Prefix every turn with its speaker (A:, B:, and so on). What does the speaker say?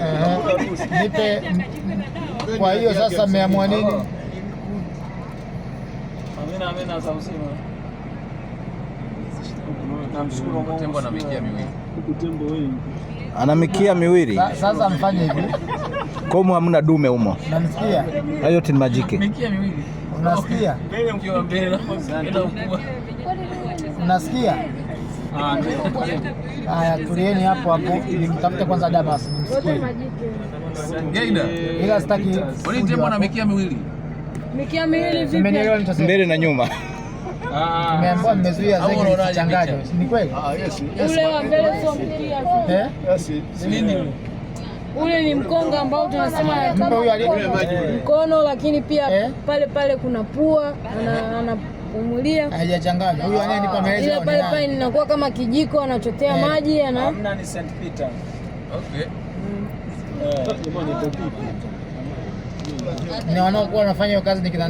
A: Eh, nipe. Kwa hiyo sasa mmeamua nini?
B: Ana mikia miwili.
A: Sasa mfanye hivi.
B: Komu hamna dume humo. Namsikia. Hayo yote ni majike.
C: Mikia miwili.
A: Unasikia? Unasikia? Haya, tulieni hapo hapo ili mtafute kwanza da basi msikie.
D: Geida. Ila sitaki. Kwani tembo na mikia miwili?
E: Mikia miwili vipi?
F: Mbele na nyuma. Ah,
A: ah, ah. Mmeambiwa mmezuia zege zisichanganywe, ni kweli?
E: Ule wa mbele sio mkia.
A: Eh?
F: Yes.
D: Nini?
E: Ule ni mkonga ambao tunasema kama mkono, lakini pia eh? pale pale kuna pua, ana kumulia
A: hajachanganya. Huyu ananipa ah, maelezo
E: ile pale pale inakuwa kama kijiko anachotea yeah. maji ana
C: hamna, ni St Peter. Okay, mm. eh. Ni wanaokuwa wanafanya kazi ni kina